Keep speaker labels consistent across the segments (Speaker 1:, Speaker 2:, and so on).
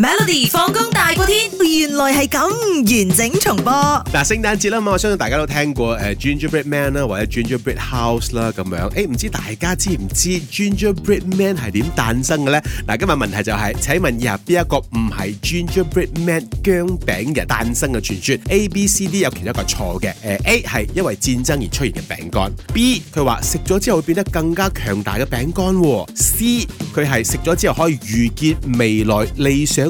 Speaker 1: Melody 放工大過天，原來係咁完整重播。嗱，聖誕節啦嘛，我相信大家都聽過誒，Gingerbread Man 啦，或者 Gingerbread House 啦咁樣。誒、欸，唔知大家知唔知 Gingerbread Man 係點誕生嘅咧？嗱，今日問題就係、是，請問以下邊一個唔係 Gingerbread Man 姜餅嘅誕生嘅傳說？A、B、C、D 有其中一個錯嘅。誒，A 係因為戰爭而出現嘅餅乾。B 佢話食咗之後會變得更加強大嘅餅乾。C 佢係食咗之後可以預見未來理想。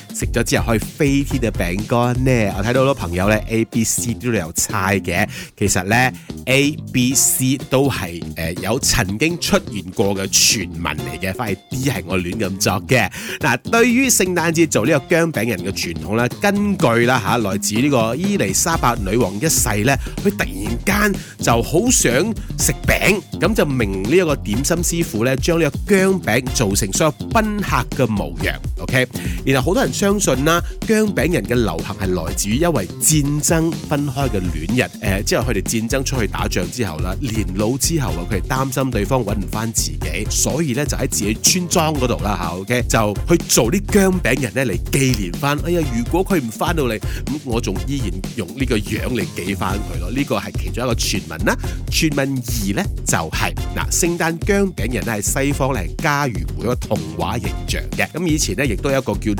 Speaker 1: 食咗之後可以飛天嘅餅乾呢。我睇到好多朋友呢 A、B、C 都有猜嘅。其實呢 A、B、C 都係誒、呃、有曾經出現過嘅傳聞嚟嘅，反而 D 係我亂咁作嘅。嗱、啊，對於聖誕節做呢個薑餅人嘅傳統呢，根據啦嚇、啊、來自呢個伊麗莎白女王一世呢，佢突然間就好想食餅，咁就明呢一個點心師傅呢，將呢個薑餅做成所有賓客嘅模樣，OK。然後好多人。相信啦，姜餅人嘅流行係來自於因為戰爭分開嘅戀人，誒、呃、即係佢哋戰爭出去打仗之後啦，年老之後啊，佢哋擔心對方揾唔翻自己，所以咧就喺自己村莊嗰度啦吓 OK 就去做啲姜餅人咧嚟紀念翻。哎呀，如果佢唔翻到嚟，咁我仲依然用呢個樣嚟記翻佢咯。呢、這個係其中一個傳聞啦。傳聞二咧就係、是、嗱，聖誕姜餅人咧係西方咧係家喻戶曉嘅童話形象嘅。咁以前咧亦都有一個叫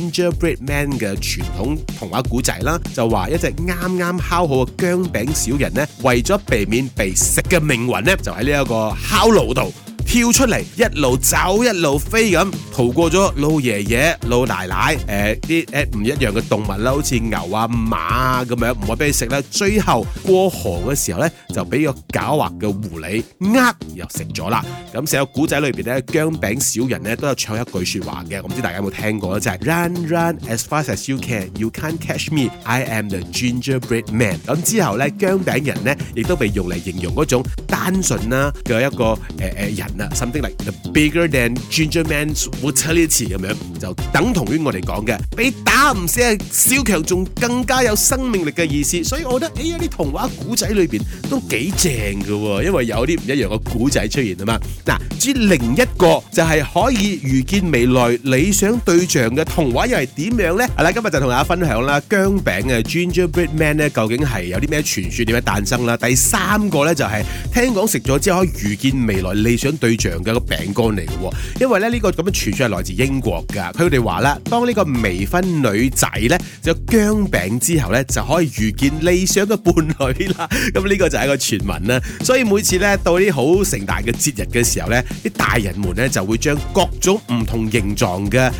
Speaker 1: 《Gingerbread Man》嘅傳統童話古仔啦，就話一隻啱啱烤好嘅薑餅小人呢，為咗避免被食嘅命運呢，就喺呢一個烤爐度。跳出嚟，一路走一路飛，咁，逃過咗老爺爺老奶奶，誒啲誒唔一樣嘅動物啦，好似牛啊、馬啊咁樣唔話俾你食啦。最後過河嘅時候咧，就俾個狡猾嘅狐狸呃又食咗啦。咁成個古仔裏邊咧，薑餅小人咧都有唱一句說話嘅，我唔知大家有冇聽過咧，就係、是、Run, run as fast as you can, you can't catch me, I am the gingerbread man。咁之後咧，薑餅人咧亦都被用嚟形容嗰種單純啦，嘅一個誒誒、呃呃、人。Something like the bigger than ginger man，冇扯呢啲詞咁樣，就等同於我哋講嘅，比打唔死啊小強仲更加有生命力嘅意思，所以我覺得誒，啲童話古仔裏邊都幾正噶，因為有啲唔一樣嘅古仔出現啊嘛。嗱，至於另一個就係可以預見未來理想對象嘅童話又係點樣咧？係啦，今日就同大家分享啦，姜餅嘅 gingerbread man 咧究竟係有啲咩傳說點樣誕生啦？第三個咧就係聽講食咗之後可以預見未來理想對對象嘅一個餅乾嚟嘅，因為咧呢個咁樣傳說係來自英國噶。佢哋話啦，當呢個未婚女仔咧就有姜餅之後咧，就可以遇見理想嘅伴侶啦。咁呢個就係一個傳聞啦。所以每次咧到啲好盛大嘅節日嘅時候咧，啲大人們咧就會將各種唔同形狀嘅誒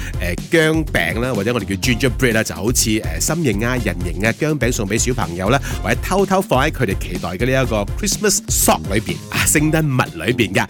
Speaker 1: 姜餅啦，或者我哋叫 gingerbread 啦，就好似誒心形啊、人形啊姜餅送俾小朋友啦，或者偷偷放喺佢哋期待嘅呢一個 Christmas sock 裏邊啊，聖誕襪裏邊噶，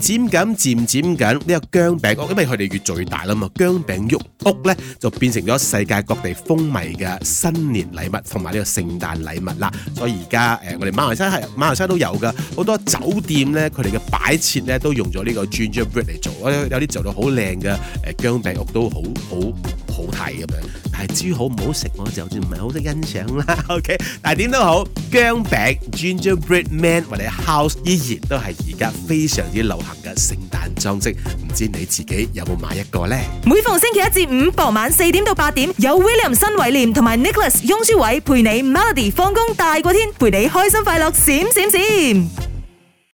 Speaker 1: 漸緊漸漸緊，呢個薑餅屋，因為佢哋越做越大啦嘛，薑餅屋屋咧就變成咗世界各地風靡嘅新年禮物同埋呢個聖誕禮物啦。所以而家誒，我哋馬來西亞馬來西亞都有嘅好多酒店咧，佢哋嘅擺設咧都用咗呢個 Gingerbread 嚟做，有啲做到好靚嘅誒薑餅屋都好好。好睇咁樣，但係豬好唔好食我就好似唔係好識欣賞啦。OK，但係點都好，薑餅 （Gingerbread Man） 或者 House 依然都係而家非常之流行嘅聖誕裝飾。唔知道你自己有冇買一個呢？每逢星期一至五傍晚四點到八點，有 William 新偉廉同埋 Nicholas 雍舒偉陪你 Melody 放工大過天，陪你開心快樂閃閃閃。